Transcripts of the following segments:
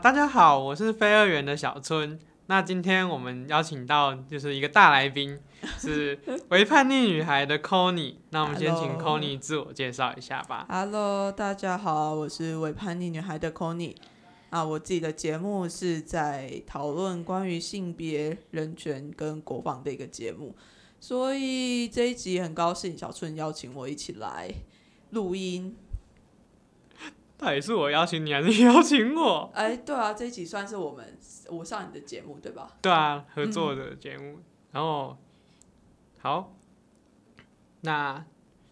大家好，我是非二元的小春。那今天我們邀請到就是一個大來賓，是《微叛逆女孩》的摳尼 那我們先請摳尼自我介紹一下吧。Hello. Hello，大家好，我是《微叛逆女孩》的摳尼啊，我自己的節目是在討論關於性別人權跟國防的一個節目，所以這一集很高興小春邀請我一起來錄音。到底是我邀請你，還是你邀請我？哎、欸，對啊，這一集算是我們我上你的節目，對吧？對啊，合作的節目，嗯。然後好，那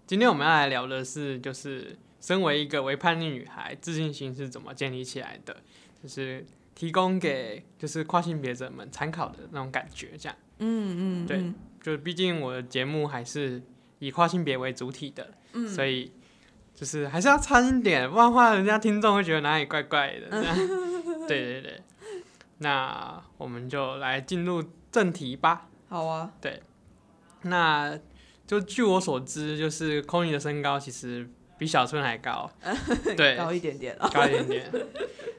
今天我們要來聊的是，就是身為一個微叛逆女孩，自信心是怎麼建立起來的，就是提供給就是跨性別者們參考的那種感覺，這樣。嗯，嗯嗯，對，就是畢竟我的節目還是以跨性別為主體的，嗯，所以。就是還是要差一點，不然的話人家聽眾會覺得哪裡怪怪的。對對對，那我們就來進入正題吧。好啊，對，那就據我所知，就是摳尼的身高其實比小春還高，嗯、對，高一點點了，高一點點。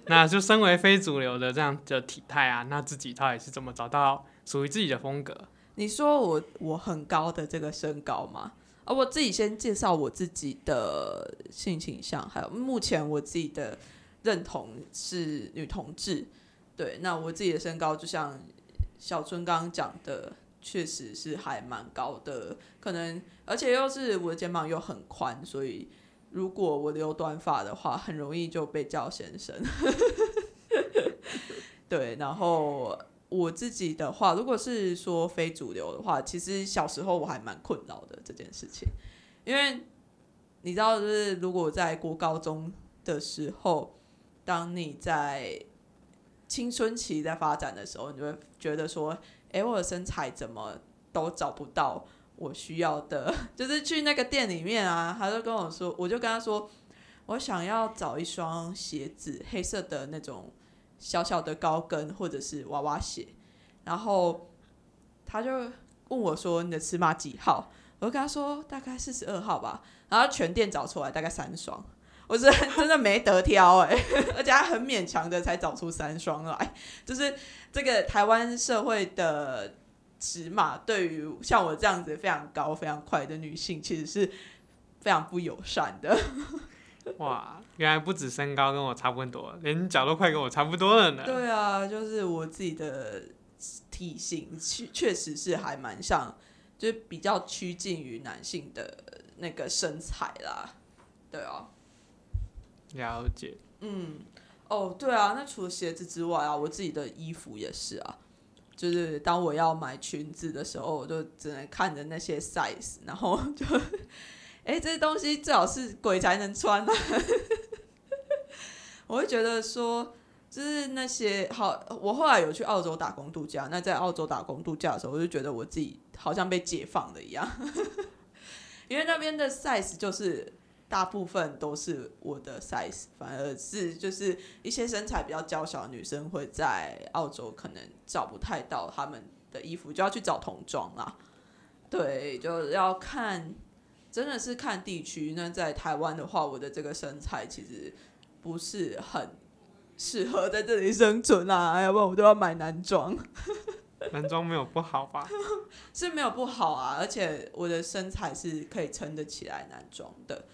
那就身為非主流的這樣的體態啊，那自己到底是怎麼找到屬於自己的風格？你說我我很高的這個身高嗎？啊、哦，我自己先介紹我自己的性傾向，還有目前我自己的認同是女同志。對，那我自己的身高就像小春剛剛講的，確實是還蠻高的，可能而且又是我的肩膀又很寬，所以如果我留短髮的話，很容易就被叫先生。 對，然後。我自己的話，如果是說非主流的話，其實小時候我還蠻困擾的這件事情，因為你知道，就是如果在國高中的時候，當你在青春期在發展的時候，你就會覺得說，哎、欸，我的身材怎麼都找不到我需要的，就是去那個店裡面啊，他就跟我說，我就跟他說，我想要找一雙鞋子，黑色的那種。小小的高跟或者是娃娃鞋，然後他就問我說：“你的尺碼幾號？”我就跟他說：“大概四十二號吧。”然後全店找出來大概三雙，我是真的沒得挑誒、欸， 而且他很勉強的才找出三雙來。就是這個台灣社會的尺碼，對於像我這樣子非常高、非常快的女性，其實是非常不友善的。哇，原來不止身高跟我差不多，連腳都快跟我差不多了呢？對啊，就是我自己的體型確確實是還蠻像，就是比較趨近於男性的那個身材啦。對哦，啊，了解。嗯，哦，對啊，那除了鞋子之外啊，我自己的衣服也是啊，就是當我要買裙子的時候，我就只能看着那些 size，然後就。誒、欸，這些東西最好是鬼才能穿、啊、 我會覺得說，就是那些好。我後來有去澳洲打工度假，那在澳洲打工度假的時候，我就覺得我自己好像被解放了一樣， 因為那邊的 size 就是大部分都是我的 size，反而是就是一些身材比較嬌小的女生會在澳洲可能找不太到她們的衣服，就要去找童裝啦。對，就要看。真的是看地區。那在台灣的話，我的這個身材其實不是很適合在這裡生存啊！要不然我都要買男裝。男裝沒有不好吧？ 是沒有不好啊，而且我的身材是可以撐得起來男裝的。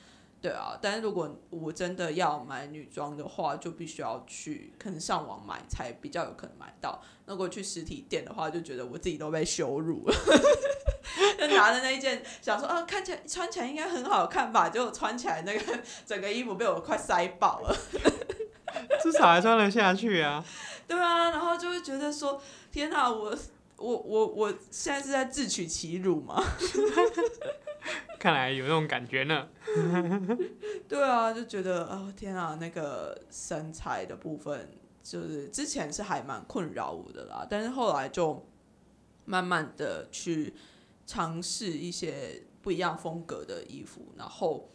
對啊，但是如果我真的要買女裝的話，就必須要去可能上網買才比較有可能買到。那如果去實體店的話，就覺得我自己都被羞辱了。 就拿着那一件，想說啊，看起來穿起來應該很好看吧，結果穿起來那個整個衣服被我快塞爆了。 至少還穿得下去啊。對啊，然後就會覺得說，天哪，我我我我現在是在自取其辱嗎？ 看來有那種感覺呢 ，對啊，就覺得哦，天啊，那個身材的部分，就是之前是還蠻困擾我的啦，但是後來就慢慢的去嘗試一些不一樣風格的衣服，然後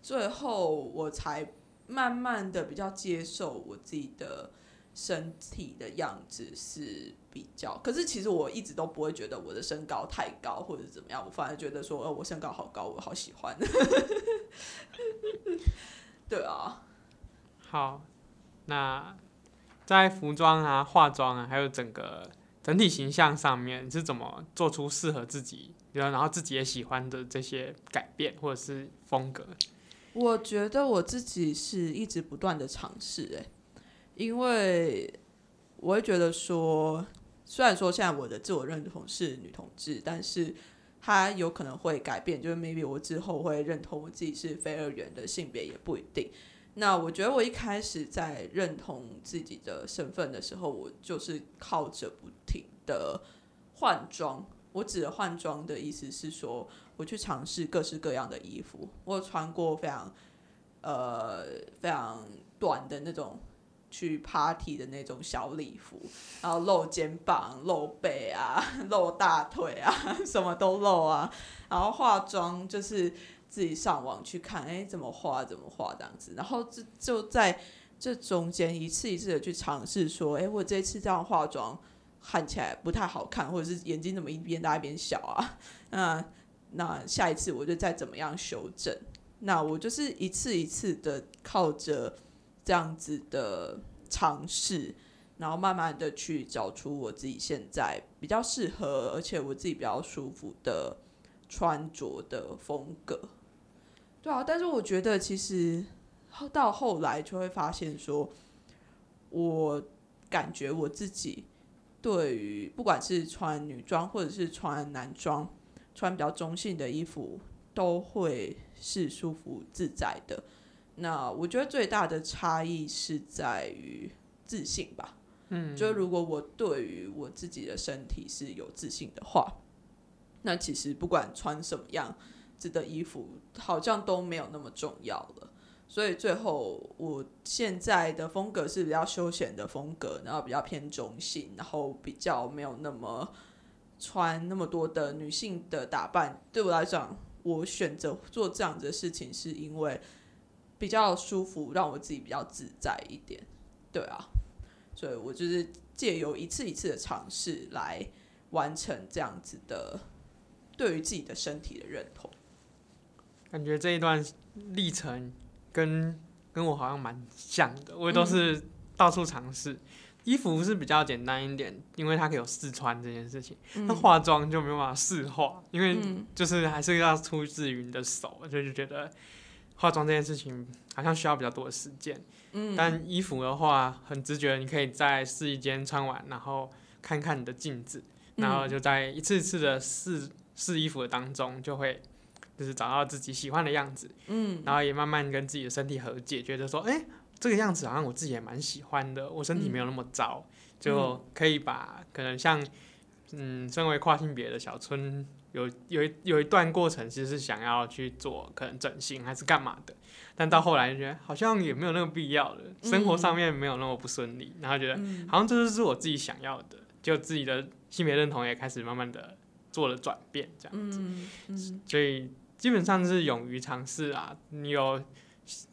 最後我才慢慢的比較接受我自己的，身體的樣子是比較，可是其實我一直都不會覺得我的身高太高或者怎麼樣，我反而覺得說，呃，我身高好高，我好喜歡。 對啊，好，那在服裝啊、化妝啊，還有整個整體形象上面，你是怎麼做出適合自己，然後然後自己也喜歡的這些改變或者是風格？我覺得我自己是一直不斷的嘗試、欸，哎。因為我會覺得說，雖然說現在我的自我認同是女同志，但是她有可能會改變，就是 maybe 我之後會認同我自己是非二元的性別也不一定。那我覺得我一開始在認同自己的身份的時候，我就是靠着不停的換裝。我指的換裝的意思是說，我去嘗試各式各樣的衣服。我有穿過非常呃非常短的那種。去 party 的那種小禮服，然後露肩膀、露背啊、露大腿啊，什麼都露啊。然後化妝就是自己上網去看，哎、欸，怎麼化怎麼化這樣子。然後就就在這中間一次一次的去嘗試，說，哎、欸，我這次這樣化妝看起來不太好看，或者是眼睛怎麼一邊大一邊小啊？那那下一次我就再怎麼樣修正。那我就是一次一次的靠着這樣子的嘗試，然後慢慢的去找出我自己現在比較適合，而且我自己比較舒服的穿着的風格。對啊，但是我覺得其實到後來就會發現說我感覺我自己對於不管是穿女裝或者是穿男裝，穿比較中性的衣服，都會是舒服自在的。那我覺得最大的差異是在於自信吧。嗯，就如果我對於我自己的身體是有自信的話，那其實不管穿什麼樣子的衣服，好像都沒有那麼重要了。所以最後我現在的風格是比較休閒的風格，然後比較偏中性，然後比較沒有那麼穿那麼多的女性的打扮。對我來講，我選擇做這樣子的事情是因為。比較舒服，讓我自己比較自在一點，對啊，所以我就是借由一次一次的嘗試來完成這樣子的對於自己的身體的認同。感覺這一段歷程跟跟我好像蠻像的，我也都是到處嘗試，嗯。衣服是比較簡單一點，因為它可以有試穿這件事情，那化妝就沒有辦法試化，因為就是還是要出自於你的手，我就覺得。化妝這件事情好像需要比較多的時間，嗯，但衣服的話很直覺，你可以在試衣間穿完，然後看看你的鏡子，嗯，然後就在一次次的試試衣服的當中，就會就是找到自己喜歡的樣子，嗯，然後也慢慢跟自己的身體和解，覺得說，誒、欸，這個樣子好像我自己也蠻喜歡的，我身體沒有那麼糟，嗯，就可以把可能像，嗯，身為跨性別的小春。有有一有一段過程，其實是想要去做可能整形還是幹嘛的，但到後來就覺得好像也沒有那個必要了，生活上面沒有那麼不順利、嗯，然後覺得好像這就是我自己想要的，就、嗯、自己的性別認同也開始慢慢的做了轉變，這樣子、嗯嗯，所以基本上是勇於嘗試啊，你有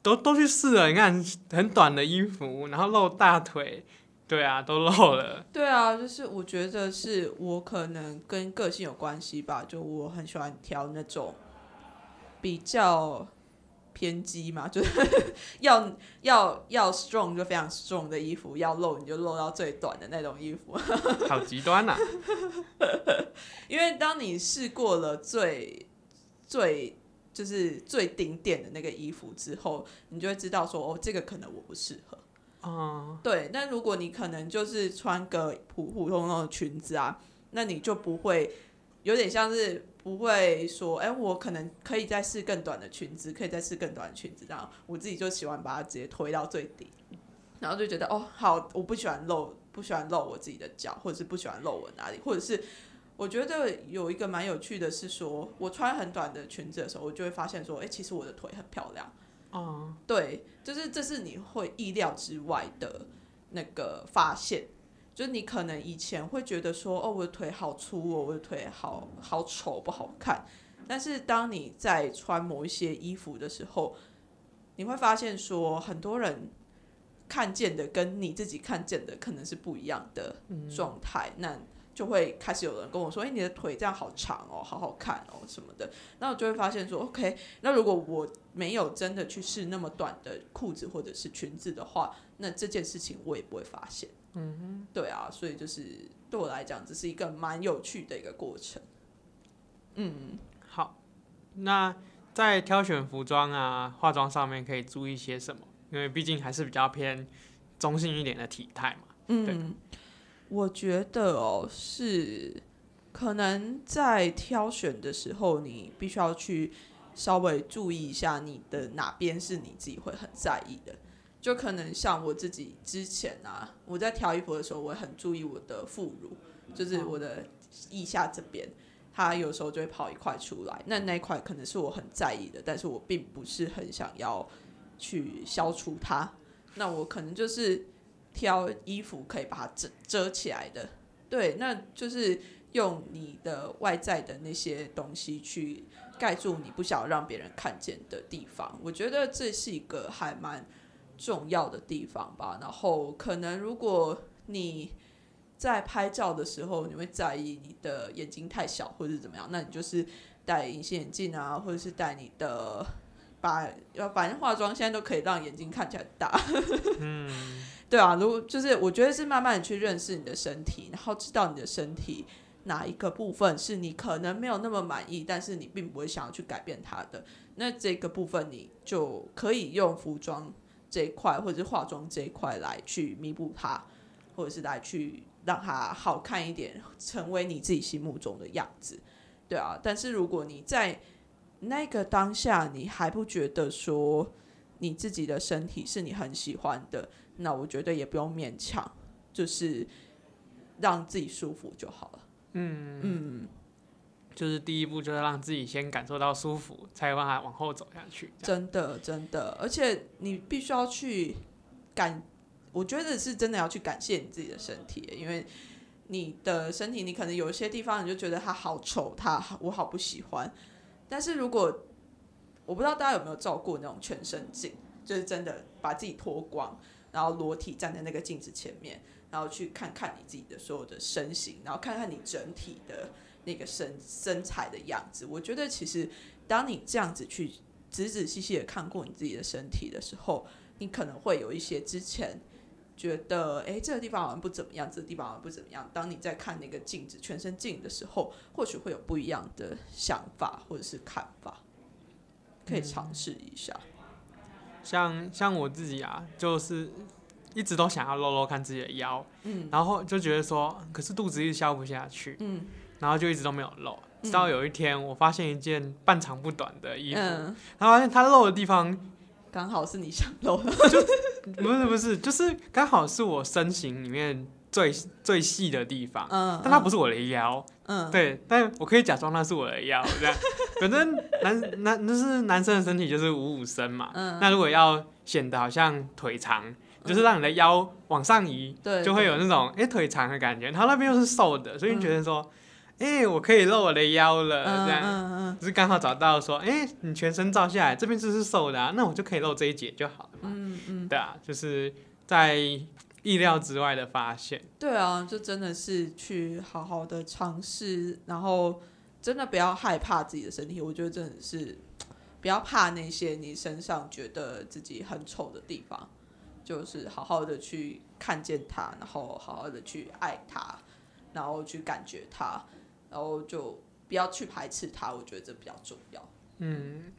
都都去試了，你看很短的衣服，然後露大腿。對啊，都露了。對啊，就是我覺得是我可能跟個性有關係吧，就我很喜歡挑那種比較偏激嘛，就是要要要 strong 就非常 strong 的衣服，要露你就露到最短的那種衣服。好極端吶，啊！ 因為當你試過了最最就是最頂點的那個衣服之後，你就會知道說哦，這個可能我不適合。哦、oh.，對，那如果你可能就是穿個普普通通的裙子啊，那你就不會有點像是不會說，哎、欸，我可能可以再試更短的裙子，可以再試更短的裙子，這樣我自己就喜歡把它直接推到最底，然後就覺得哦，好，我不喜歡露，不喜歡露我自己的腳，或者是不喜歡露我哪裡，或者是我覺得有一個蠻有趣的是說，說我穿很短的裙子的時候，我就會發現說，哎、欸，其實我的腿很漂亮。哦、uh.，對，就是這是你會意料之外的那個發現，就是你可能以前會覺得說，哦，我的腿好粗哦，我的腿好好醜不好看，但是當你在穿某一些衣服的時候，你會發現說，很多人看見的跟你自己看見的可能是不一樣的狀態。Uh. 那就會開始有人跟我說，哎、欸，你的腿這樣好長哦，好好看哦，什麼的。那我就會發現說，OK，那如果我沒有真的去試那麼短的褲子或者是裙子的話，那這件事情我也不會發現。嗯哼，對啊，所以就是對我來講，這是一個蠻有趣的一個過程。嗯，好。那在挑選服裝啊、化妝上面可以注意些什麼？因為畢竟還是比較偏中性一點的體態嘛。對，嗯。我覺得哦，是可能在挑選的時候，你必須要去稍微注意一下你的哪邊是你自己會很在意的。就可能像我自己之前啊，我在挑衣服的時候，我很注意我的副乳，就是我的腋下這邊，它有時候就會跑一塊出來。那那塊可能是我很在意的，但是我並不是很想要去消除它。那我可能就是。挑衣服可以把它遮遮起來的，對，那就是用你的外在的那些東西去蓋住你不想讓別人看見的地方。我覺得這是一個還蠻重要的地方吧。然後可能如果你在拍照的時候，你會在意你的眼睛太小或是怎麼樣，那你就是戴隱形眼鏡啊，或者是戴你的。把要反正化妝現在都可以讓眼睛看起來大， 對啊。如果就是我覺得是慢慢的去認識你的身體，然後知道你的身體哪一個部分是你可能沒有那麼滿意，但是你並不會想要去改變它的，那這個部分你就可以用服裝這一塊或者是化妝這一塊來去彌補它，或者是來去讓它好看一點，成為你自己心目中的樣子，對啊。但是如果你在那個當下，你還不覺得說你自己的身體是你很喜歡的，那我覺得也不用勉強，就是讓自己舒服就好了。嗯嗯，就是第一步，就是讓自己先感受到舒服，才有辦法往後走下去。真的真的，而且你必須要去感，我覺得是真的要去感謝你自己的身體，因為你的身體，你可能有一些地方你就覺得它好醜，它我好不喜歡。但是，如果我不知道大家有沒有照過那種全身鏡，就是真的把自己脫光，然後裸體站在那個鏡子前面，然後去看看你自己的所有的身形，然後看看你整體的那個身身材的樣子。我覺得其實當你這樣子去仔仔細細的看過你自己的身體的時候，你可能會有一些之前。覺得哎、欸，這個地方好像不怎麼樣，這個地方好像不怎麼樣。當你在看那個鏡子，全身鏡的時候，或許會有不一樣的想法或者是看法，可以嘗試一下。嗯、像像我自己啊，就是一直都想要露露看自己的腰，嗯、然後就覺得說，可是肚子一直消不下去、嗯，然後就一直都沒有露。嗯、直到有一天，我發現一件半長不短的衣服，嗯、然後發現它露的地方剛好是你想露的。 不是不是，就是剛好是我身形裡面最最細的地方、嗯，但它不是我的腰，嗯、對、嗯，但我可以假裝那是我的腰，這樣。 反正男男就是男生的身體就是五五身嘛，嗯、那如果要顯得好像腿長、嗯，就是讓你的腰往上移，嗯、就會有那種誒、欸、腿長的感覺。他那邊又是瘦的，所以你覺得說，嗯哎、欸，我可以露我的腰了，嗯、這樣，隻、嗯嗯、是剛好找到說，哎、欸，你全身照下來，這邊就是，是瘦的，啊，那我就可以露這一節就好了嘛。嗯嗯，對啊，就是在意料之外的發現。嗯、對啊，就真的是去好好的嘗試，然後真的不要害怕自己的身體，我覺得真的是不要怕那些你身上覺得自己很醜的地方，就是好好的去看見它，然後好好的去愛它，然後去感覺它。然後就不要去排斥它，我覺得這比較重要。嗯，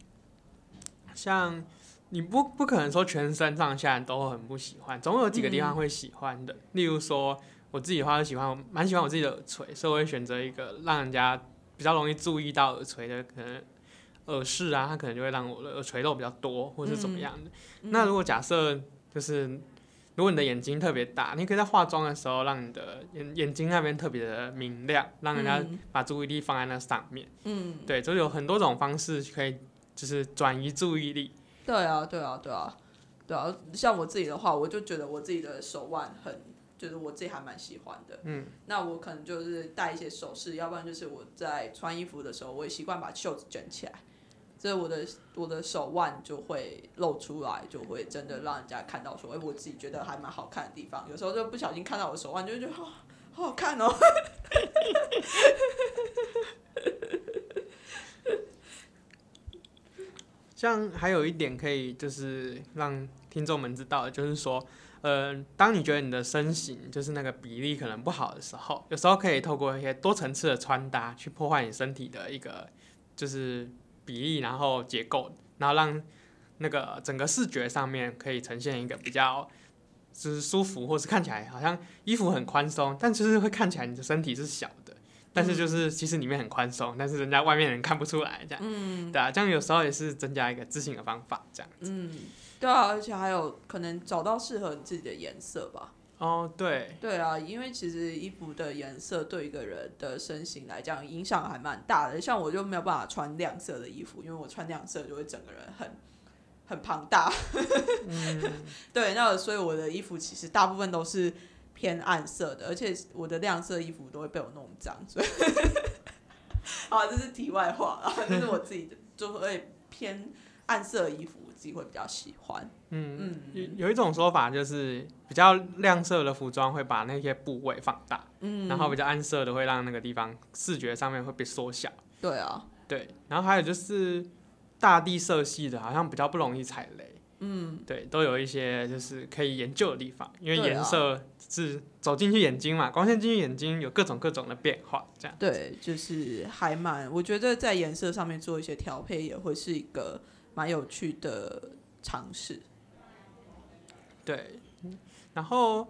像你不不可能說全身上下都很不喜歡，總有幾個地方會喜歡的。嗯、例如說，我自己的話就喜歡，我蠻喜歡我自己的耳垂，所以我會選擇一個讓人家比較容易注意到耳垂的，可能耳飾啊，它可能就會讓我的耳垂肉比較多，或是怎麼樣、嗯、那如果假設就是。如果你的眼睛特別大，你可以在化妝的時候讓你的眼眼睛那邊特別的明亮，讓人家把注意力放在那上面。嗯，對，就有很多種方式可以，就是轉移注意力。對啊，對啊，對啊，對啊。啊、像我自己的話，我就覺得我自己的手腕很，就是我自己還蠻喜歡的。嗯，那我可能就是戴一些首飾，要不然就是我在穿衣服的時候，我也習慣把袖子捲起來。所以我的我的手腕就會露出來，就會真的讓人家看到說，哎、欸，我自己覺得還蠻好看的地方。有時候就不小心看到我手腕就，就覺得好好看哦。 像還有一點可以就是讓聽眾們知道的，就是說，嗯、呃，當你覺得你的身形就是那個比例可能不好的時候，有時候可以透過一些多層次的穿搭去破壞你身體的一個就是。比例，然後結構，然後讓那個整個視覺上面可以呈現一個比較就是舒服，或是看起來好像衣服很寬鬆，但其實會看起來你的身體是小的，但是就是其實裡面很寬鬆，但是人家外面人看不出來這樣。嗯，對啊，這樣有時候也是增加一個自信的方法，這樣子。嗯，對啊，而且還有可能找到適合你自己的顏色吧。哦、oh，對，對啊，因為其實衣服的顏色對一個人的身形來講影響還蠻大的。像我就沒有辦法穿亮色的衣服，因為我穿亮色就會整個人很很龐大。 mm. 對，那所以我的衣服其實大部分都是偏暗色的，而且我的亮色衣服都會被我弄髒。所以， 啊，這是題外話啊，這是我自己的，就會偏暗色衣服。自己會比較喜歡，嗯，有、嗯、有一種說法就是比較亮色的服裝會把那些部位放大，嗯，然後比較暗色的會讓那個地方視覺上面會被縮小，對啊，對，然後還有就是大地色系的，好像比較不容易踩雷，嗯，對，都有一些就是可以研究的地方，啊、因為顏色是走進去眼睛嘛，光線進去眼睛有各種各種的變化，這樣對，就是還蠻，我覺得在顏色上面做一些調配也會是一個。蠻有趣的嘗試，對。然後，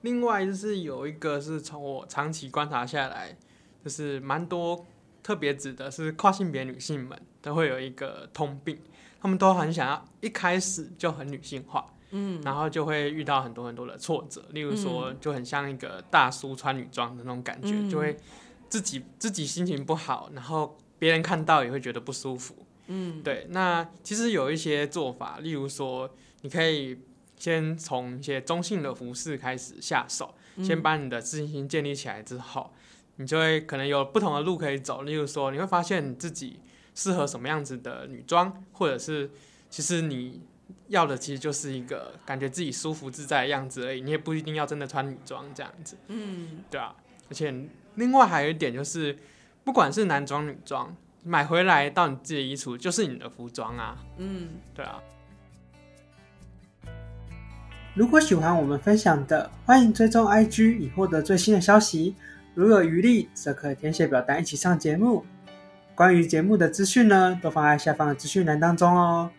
另外就是有一個是從我長期觀察下來，就是蠻多特別指的是跨性別女性們都會有一個通病，她們都很想要一開始就很女性化，嗯，然後就會遇到很多很多的挫折，例如說就很像一個大叔穿女裝的那種感覺，就會自己自己心情不好，然後別人看到也會覺得不舒服。嗯，對，那其實有一些做法，例如說，你可以先從一些中性的服飾開始下手，嗯，先把你的自信心建立起來之後，你就會可能有不同的路可以走。例如說，你會發現自己適合什麼樣子的女裝，或者是其實你要的其實就是一個感覺自己舒服自在的樣子而已，你也不一定要真的穿女裝這樣子。嗯，對啊，而且另外還有一點就是，不管是男裝女裝。買回來到你自己的衣櫥就是你的服裝啊，嗯，對啊。如果喜歡我們分享的，歡迎追蹤 IG 以獲得最新的消息。如有餘力，則可以填寫表單一起上節目。關於節目的資訊呢，都放在下方的資訊欄當中哦。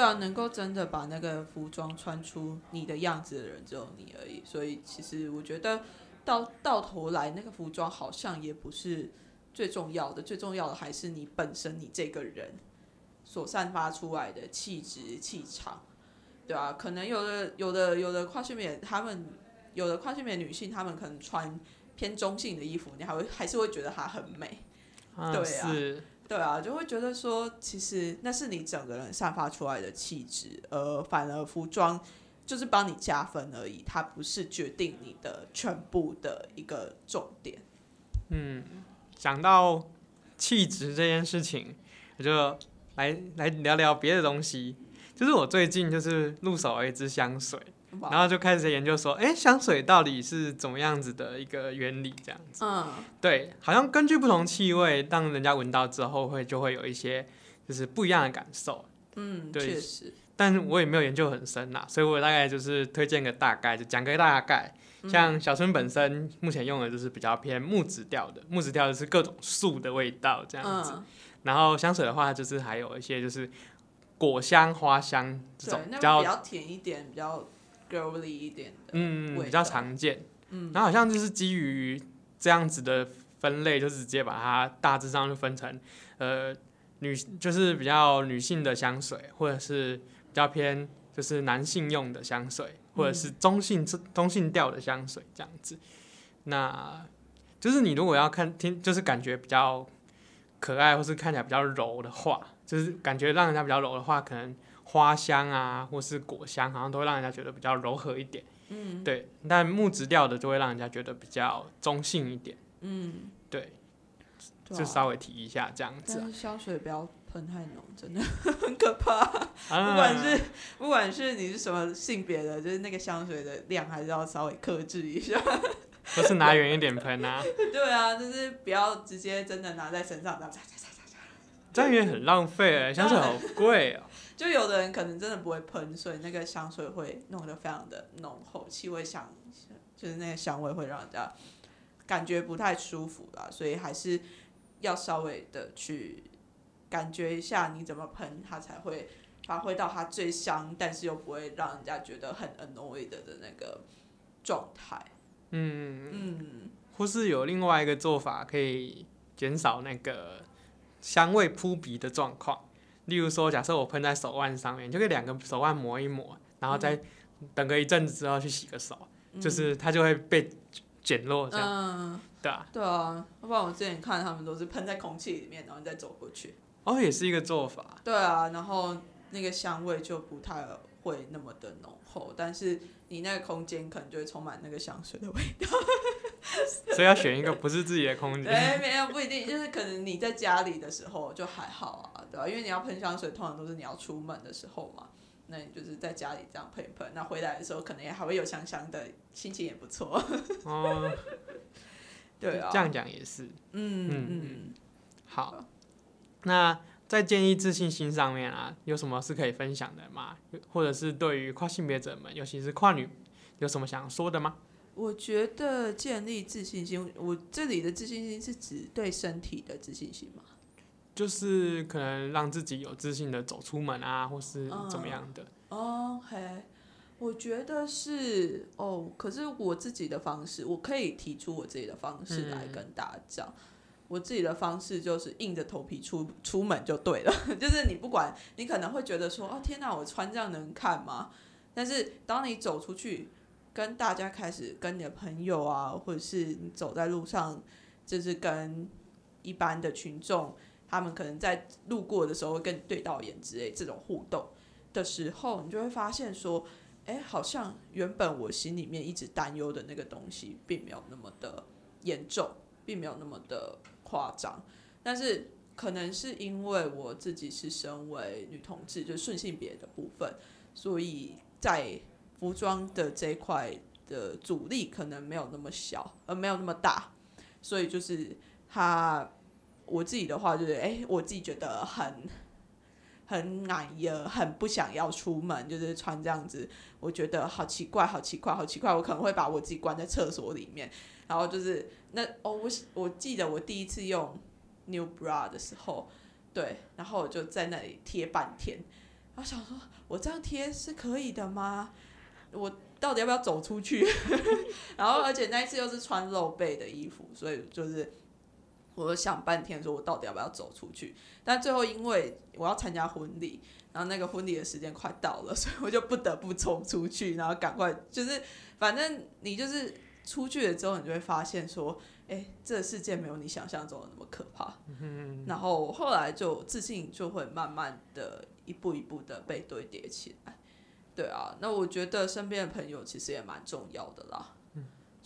對啊，能夠真的把那個服裝穿出你的樣子的人只有你而已。所以其實我覺得到，到到頭來那個服裝好像也不是最重要的，最重要的還是你本身你這個人所散發出來的氣質氣場，對啊，可能有的有的有的跨性別，他們有的跨性別女性，他們可能穿偏中性的衣服，你還會還是會覺得她很美。啊，對啊。對啊，就會覺得說，其實那是你整個人散發出來的氣質，呃，反而服裝就是幫你加分而已，它不是決定你的全部的一個重點。嗯，講到氣質這件事情，我就來來聊聊別的東西，就是我最近就是入手了一支香水。然後就開始在研究說，哎，香水到底是怎麼樣子的一個原理這樣子。嗯。對，好像根據不同氣味，當人家聞到之後會就會有一些就是不一樣的感受。嗯，對，確實。但是我也沒有研究很深呐，所以我大概就是推薦個大概，就講個大概。嗯。像小春本身目前用的就是比較偏木質調的，木質調就是各種樹的味道這樣子。嗯。然後香水的話，就是還有一些就是果香、花香這種比，比較甜一點，比較。g i r l y 一點的，嗯，比較常見。嗯，然好像就是基於這樣子的分類，就直接把它大致上就分成，呃，女就是比較女性的香水，或者是比較偏就是男性用的香水，或者是中性、嗯、中性調的香水這樣子。那就是你如果要看聽，就是感覺比較可愛，或是看起來比較柔的話，就是感覺讓人家比較柔的話，可能。花香啊，或是果香，好像都會讓人家覺得比較柔和一點。嗯，對。但木質調的就會讓人家覺得比較中性一點。嗯，對。就稍微提一下這樣子、啊。但是香水不要噴太濃，真的很可怕、啊啊。不管是不管是你是什麼性別的，就是那個香水的量還是要稍微克制一下。不是拿遠一點噴啊。 對啊，就是不要直接真的拿在身上，然後擦擦擦擦擦。這樣也很浪費哎，香水好貴啊。就有的人可能真的不會噴，所以那個香水會弄得非常的濃厚、氣味香，就是那個香味會讓人家感覺不太舒服啦。所以還是要稍微的去感覺一下你怎麼噴，它才會發揮到它最香，但是又不會讓人家覺得很 annoyed 的那個狀態。嗯嗯嗯，或是有另外一個做法可以減少那個香味撲鼻的狀況。例如說，假設我噴在手腕上面，就就可以兩個手腕抹一抹，然後再等個一陣子之後去洗個手，嗯、就是它就會被減弱，這樣對啊、嗯、對啊，我、啊、不然我之前看他們都是噴在空氣裡面，然後再走過去，哦，也是一個做法。對啊，然後那個香味就不太會那麼的濃厚，但是你那個空間可能就會充滿那個香水的味道。 所以要選一個不是自己的空間。 對，沒有、啊、不一定，就是可能你在家裡的時候就還好啊。對啊，因為你要噴香水，通常都是你要出門的時候嘛。那你就是在家裡這樣噴一噴，那回來的時候可能也還會有香香的，心情也不錯。哦， 對啊，這樣講也是。嗯嗯嗯好，好。那在建立自信心上面啊，有什麼是可以分享的嗎？或者是對於跨性別者們，尤其是跨女，有什麼想說的嗎？我覺得建立自信心，我這裡的自信心是指對身體的自信心嗎？就是可能讓自己有自信的走出門啊，或是怎麼樣的。Uh, OK，我覺得是哦。可是我自己的方式，我可以提出我自己的方式來跟大家講。嗯。我自己的方式就是硬着頭皮出出門就對了。 就是你不管，你可能會覺得說，哦天哪，啊，我穿這樣能看嗎？但是當你走出去，跟大家開始跟你的朋友啊，或者是你走在路上，就是跟一般的群眾。他們可能在路過的時候跟對到眼之類這種互動的時候，你就會發現說，哎，好像原本我心裡面一直擔憂的那個東西，並沒有那麼的嚴重，並沒有那麼的誇張。但是可能是因為我自己是身為女同志，就順性別的部分，所以在服裝的這一塊的阻力可能沒有那麼小，而沒有那麼大，所以就是他。我自己的話就是，哎、欸，我自己覺得很很難耶，很不想要出門，就是穿這樣子，我覺得好奇怪，好奇怪，好奇怪，我可能會把我自己關在廁所裡面。然後就是那哦，我我記得我第一次用 New Bra 的時候，對，然後我就在那裡貼半天，我想說我這樣貼是可以的嗎？我到底要不要走出去？ 然後而且那一次又是穿露背的衣服，所以就是。我想半天，說我到底要不要走出去？但最後因為我要參加婚禮，然後那個婚禮的時間快到了，所以我就不得不衝出去，然後趕快，就是反正你就是出去了之後，你就會發現說，哎、欸，這個世界沒有你想象中的那麼可怕。然後後來就自信就會慢慢的一步一步的被堆疊起來。對啊，那我覺得身邊的朋友其實也蠻重要的啦。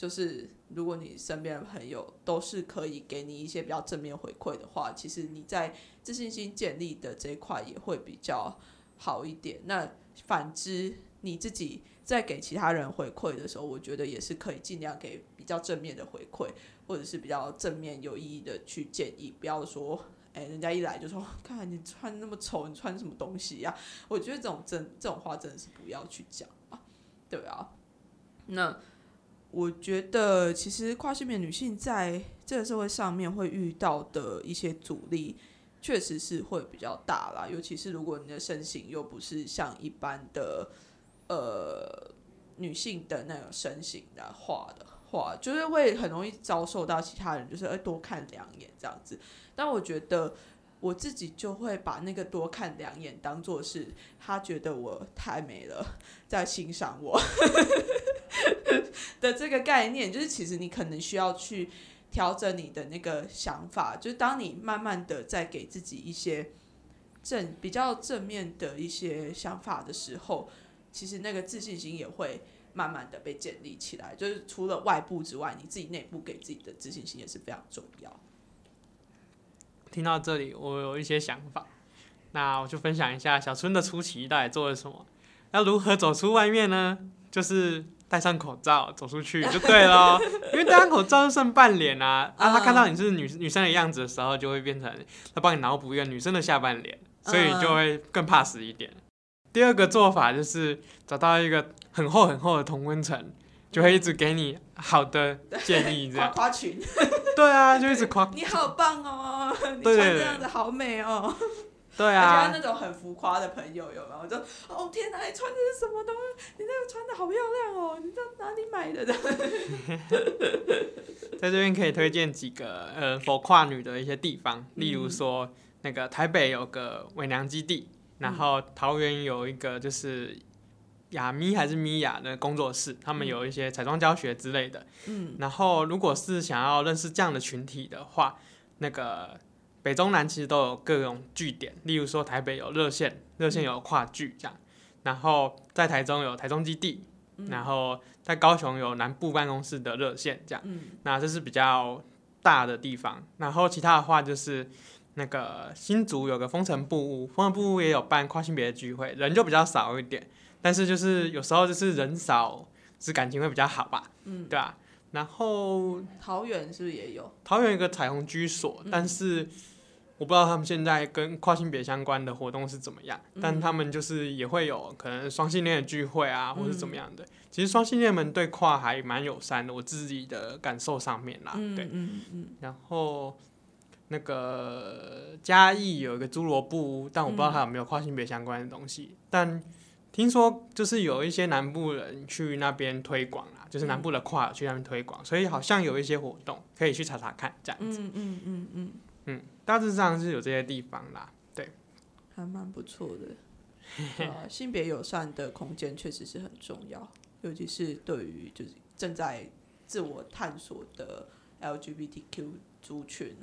就是如果你身邊的朋友都是可以給你一些比較正面回饋的話，其實你在自信心建立的這一塊也會比較好一點。那反之，你自己在給其他人回饋的時候，我覺得也是可以盡量給比較正面的回饋，或者是比較正面有意義的去建議，不要說，哎，人家一來就說，看看你穿那麼醜，你穿什麼東西呀，啊？我覺得這種真這，這種話真的是不要去講啊，對啊，那。我覺得其實跨性別女性在這個社會上面會遇到的一些阻力，確實是會比較大啦。尤其是如果你的身形又不是像一般的呃女性的那種身形的話的話，就是會很容易遭受到其他人，就是多看兩眼這樣子。但我覺得我自己就會把那個多看兩眼當做是他覺得我太美了，在欣賞我。 的這個概念，就是其實你可能需要去調整你的那個想法，就是當你慢慢的在給自己一些正比較正面的一些想法的時候，其實那個自信心也會慢慢的被建立起來。就是除了外部之外，你自己內部給自己的自信心也是非常重要。聽到這裡，我有一些想法，那我就分享一下小春的初期到底做了什麼，要如何走出外面呢？就是。戴上口罩走出去就對了、喔，因為戴上口罩就剩半臉啊，那、 啊、他看到你是女女生的樣子的時候，就會變成他幫你腦補一個女生的下半臉， 所以就會更 pass 一點。 第二個做法就是找到一個很厚很厚的同溫層，就會一直給你好的建議，這樣。誇誇群。 對啊，就一直誇。你好棒哦、喔， 你穿這樣子好美哦、喔。對對對對啊，那種很浮誇的朋友有嗎？我就哦，天哪、啊，你穿的是什麼東西？你這個穿的好漂亮哦，你在哪裡買的的？ 在這邊可以推薦幾個呃 for 跨女的一些地方，例如說、嗯、那個台北有個偽娘基地，然後桃園有一個就是雅咪還是米婭的工作室，他們有一些彩妝教學之類的。嗯，然後如果是想要認識這樣的群體的話，那個。北中南其實都有各種據點，例如說台北有熱線，熱線有跨聚這樣、嗯，然後在台中有台中基地、嗯，然後在高雄有南部辦公室的熱線這樣、嗯，那這是比較大的地方，然後其他的話就是那個新竹有個風城部屋，風城部屋也有辦跨性別的聚會，人就比較少一點，但是就是有時候就是人少，就是感情會比較好吧，嗯、對吧、啊？然後桃園是不是也有？桃園有個彩虹居所，但是，嗯我不知道他們現在跟跨性別相關的活動是怎麼樣、嗯，但他們就是也會有可能雙性戀的聚會啊、嗯，或是怎麼樣的。其實雙性戀們對跨還蠻友善的，我自己的感受上面啦。嗯、對，然後那個嘉義有一個侏羅部屋，但我不知道他有沒有跨性別相關的東西、嗯。但聽說就是有一些南部人去那邊推廣啦，就是南部的跨去那邊推廣、嗯，所以好像有一些活動可以去查查看這樣子。嗯嗯嗯嗯。嗯嗯大致上是有這些地方啦，對，還蠻不錯的。對啊， 性別友善的空間確實是很重要，尤其是對於就是正在自我探索的 LGBTQ 族群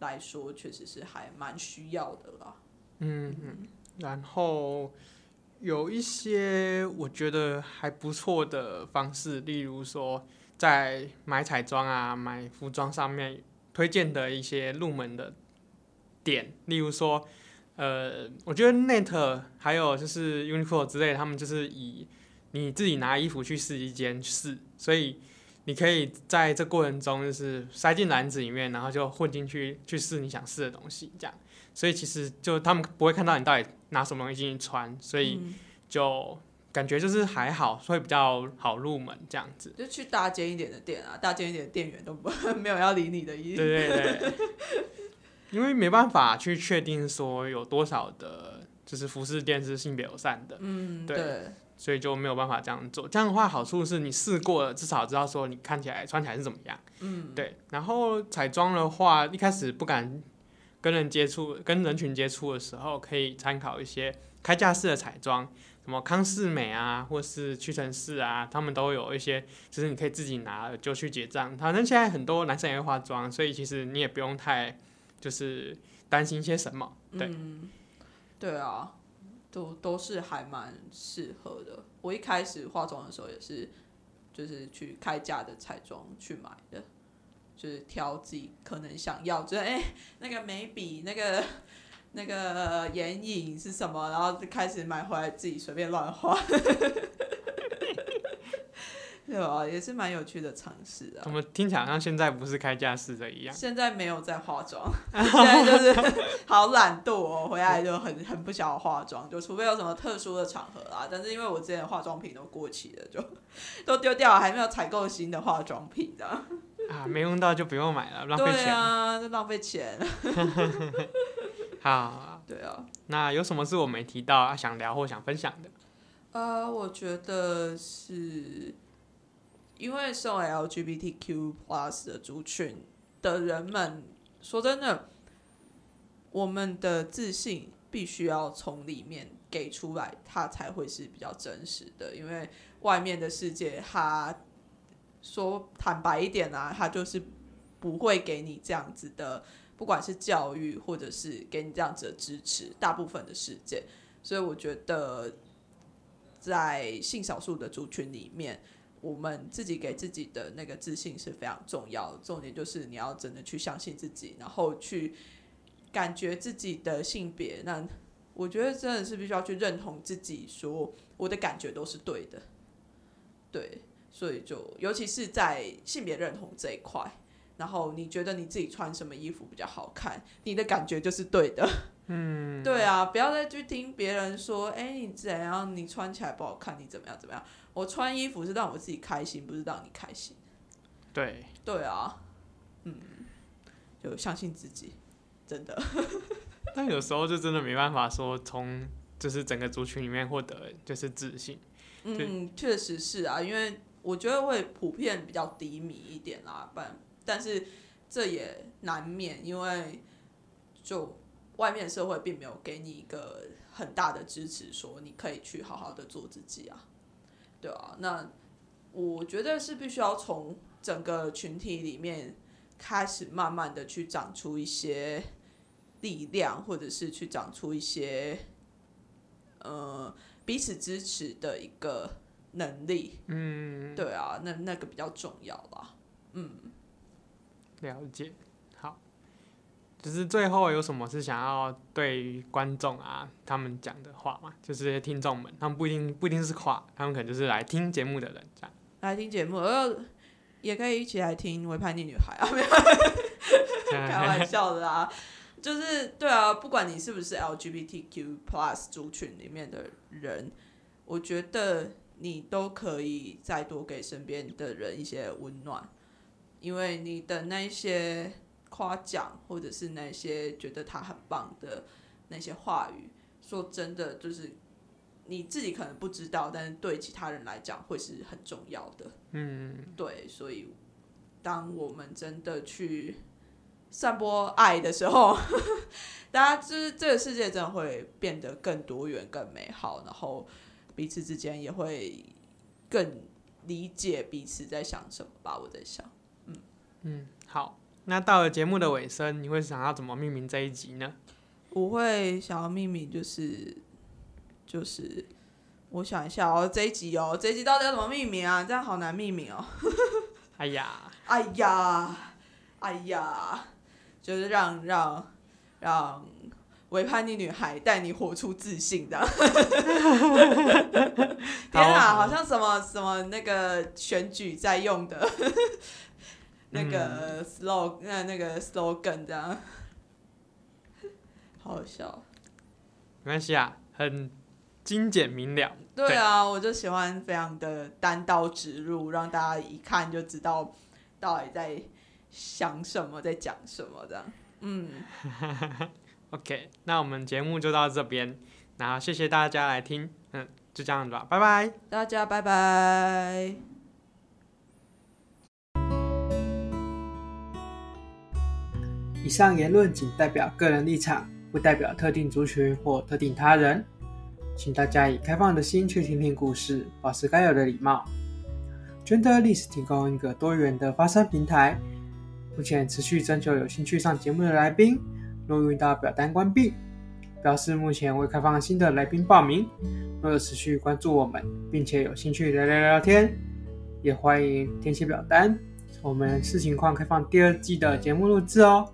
來說，確實是還蠻需要的啦。嗯嗯，然後有一些我覺得還不錯的方式，例如說，在買彩妝啊、買服裝上面。推薦的一些入門的點，例如說，呃，我覺得 Net 還有就是 Uniqlo 之類，他們就是以你自己拿衣服去試衣間試，所以你可以在這過程中就是塞進籃子裡面，然後就混進去去試你想試的東西，這樣。所以其實就他們不會看到你到底拿什麼東西進去穿，所以就。嗯感覺就是還好，會比較好入門這樣子。就去大間一點的店啊，大間一點的店員都不會沒有要理你的意思。對對對。 因為沒辦法去確定說有多少的，就是服飾店是性別友善的。嗯，對，對。所以就沒有辦法這樣做。這樣的話好處是你試過了，至少知道說你看起來穿起來是怎麼樣。嗯，對。然後彩妝的話，一開始不敢跟人接觸、嗯、跟人群接觸的時候，可以參考一些開架式的彩妝。什麼康是美啊，或是屈臣氏啊，他們都有一些，其實你可以自己拿就去結賬。反正現在很多男生也會化妝，所以其實你也不用太就是擔心些什麼。對，嗯、對啊，都都是還蠻適合的。我一開始化妝的時候也是，就是去開架的彩妝去買的，就是挑自己可能想要、就是，就、欸、哎那個眉筆那個。那個眼影是什麼？然後就開始買回來自己隨便亂畫， 對，也是蠻有趣的嘗試的。怎麼聽起來像現在不是開架式的一樣。現在沒有在化妝，現在就是好懶惰哦， 回來就很很不想要化妝，就除非有什麼特殊的場合啦。但是因為我之前的化妝品都過期了，就都丟掉了，還沒有採購新的化妝品、啊。的啊，沒用到就不用買了，浪費錢。對啊、就浪費錢。 啊，對啊，那有什麼是我沒提到，啊，想聊或想分享的？呃，我覺得是因為受 LGBTQ+ 的族群的人們，說真的，我們的自信必須要從裡面給出來，他才會是比較真實的。因為外面的世界，他說坦白一點啊，他就是不會給你這樣子的。不管是教育，或者是給你這樣子的支持，大部分的世界，所以我覺得，在性少數的族群裡面，我們自己給自己的那個自信是非常重要。重點就是你要真的去相信自己，然後去感覺自己的性別。那我覺得真的是必須要去認同自己，說我的感覺都是對的。對，所以就尤其是在性別認同這一塊。然後你覺得你自己穿什麼衣服比較好看？你的感覺就是對的，嗯，對啊，不要再去聽別人說，哎，你怎樣，你穿起來不好看，你怎麼樣怎麼樣？我穿衣服是讓我自己開心，不是讓你開心，對，對啊，嗯，就相信自己，真的。但有時候就真的沒辦法說從就是整個族群裡面獲得就是自信。嗯，確實是啊，因為我覺得會普遍比較低迷一點啦，不然。但是這也難免，因為就外面社會並沒有給你一個很大的支持，說你可以去好好的做自己啊，對啊，那我覺得是必須要從整個群體裡面開始慢慢的去長出一些力量，或者是去長出一些呃彼此支持的一個能力，嗯，對啊，那那個比較重要吧，嗯。了解，好，就是最後有什麼是想要對於觀眾啊他們講的話嘛？就是聽眾們，他們不一定不一定是跨，他們可能就是來聽節目的人這樣。來聽節目，呃也可以一起來聽《微叛逆女孩》啊， 開玩笑的啦，啊。 就是對啊，不管你是不是 LGBTQ Plus 族群裡面的人，我覺得你都可以再多給身邊的人一些溫暖。因為你的那些誇獎，或者是那些覺得他很棒的那些話語，說真的，就是你自己可能不知道，但是對其他人來講會是很重要的。嗯，對，所以當我們真的去散播愛的時候，呵呵大家就是這個世界真的會變得更多元、更美好，然後彼此之間也會更理解彼此在想什麼吧。我在想。嗯，好。那到了節目的尾聲，你會想要怎麼命名這一集呢？我會想要命名就是就是，就是、我想一下哦，這一集哦，這一集到底要怎麼命名啊？這樣好難命名哦。 哎呀，哎呀，哎呀，就是讓讓讓微叛逆女孩帶你活出自信的。 天啊好，好像什麼什麼那個選舉在用的。 那個、嗯呃、slogan，那那個 slogan，這樣，好 好笑。沒關係啊，很精簡明了。對啊，對我就喜歡非常的單刀直入，讓大家一看就知道到底在想什麼，在講什麼這樣。嗯。 OK，那我們節目就到這邊，那謝謝大家來聽，嗯，就這樣子吧，拜拜。大家拜拜。以上言論僅代表個人立場，不代表特定族群或特定他人。請大家以開放的心去聽聽故事，保持該有的禮貌。Genderless 提供一個多元的發聲平台，目前持續徵求有興趣上節目的來賓，若遇到表單關閉，表示目前未開放新的來賓報名。若有持續關注我們，並且有興趣聊聊聊天，也歡迎填寫表單。我們視情況開放第二季的節目錄製哦。